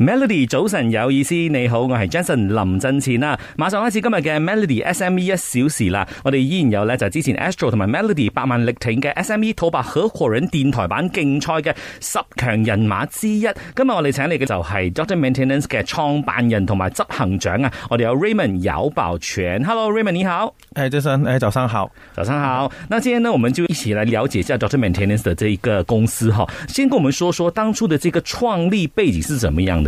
Melody 早晨有意思，你好，我係 Jason 林振前啊，馬上開始今日嘅 Melody SME 一小時啦。我哋依然有咧就之前 Astro 同埋 Melody 百萬力挺嘅 SME 土白合伙人電台版競賽嘅十強人馬之一。今日我哋請嚟嘅就係 Doctor Maintenance 嘅創辦人同埋執行長啊。我哋有 Raymond 姚寶全，Hello Raymond 你好。誒、hey，Jason 誒、hey，早上好，早上好。那今天呢，我們就一起來了解一下 Doctor Maintenance 的這一個公司哈。先跟我們說說當初的這個創立背景是怎麼樣的。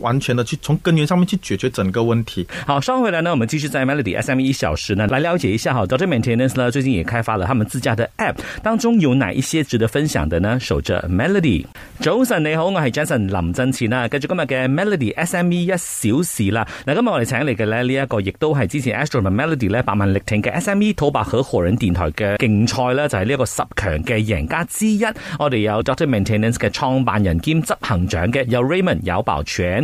完全的去從根源上面去解決整個問題。好，稍後回來呢，我們繼續在 Melody S M E 一小時呢，來了解一下哈。Dr. Maintenance 呢，最近也開發了他們自家的 App，當中有哪一些值得分享的呢？守着 Melody，早晨你好，我是 Jason 林振前啊。繼續今日嘅 Melody S M E 一小時啦。嗱，今日我哋請嚟嘅咧，呢、這、一個亦都係之前 Astro Melody 咧百萬力挺嘅 S M E 土百合伙人電台嘅競賽呢就係呢一個十強嘅贏家之一。我哋有 Dr. Maintenance 嘅創辦人兼執行長嘅，有 Raymond 有保全。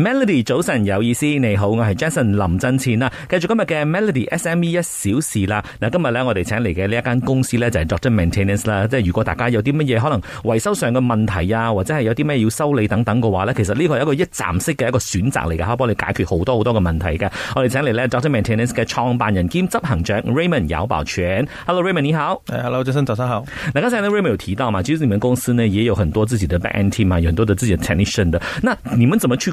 Melody 早晨有意思，你好，我係 Jason 林振倩啦。繼續今日嘅 Melody SME 一小時啦。嗱，今日咧我哋請嚟嘅呢一間公司咧就係 Dr. maintenance 啦。即係如果大家有啲乜嘢可能維修上嘅問題啊，或者係有啲咩要修理等等嘅話咧，其實呢個係一個一站式嘅一個選擇嚟噶，可以幫你解決好多好多嘅問題嘅。我哋請嚟咧 Dr. maintenance 嘅創辦人兼執行長 Raymond 有爆全。Hello，Raymond 你好。Hey, hello, Jason, 早上好。嗱，剛才咧 Raymond 有提到嘛，其實你們公司呢也有很多自己的 back-end team 嘛，有很多的自己 technician 的。那你們怎麼去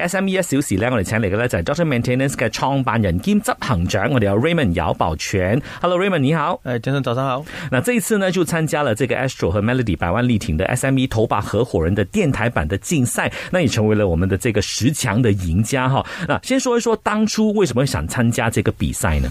SME 一小 e 咧，我哋前嚟嘅咧就係 Doctor Maintenance 的創 Mainten 辦人兼執行長，我哋有 Ray Raymond 姚寶泉。Hello，Raymond 你好，誒，鄭生早上好。那這一次呢就參加了這個 Astro 和 Melody 百萬力挺的 SME 頭把合伙人的電台版的競賽，那也成為了我們的這個十強的贏家哈。那先說一說當初為什麼會想參加這個比賽呢？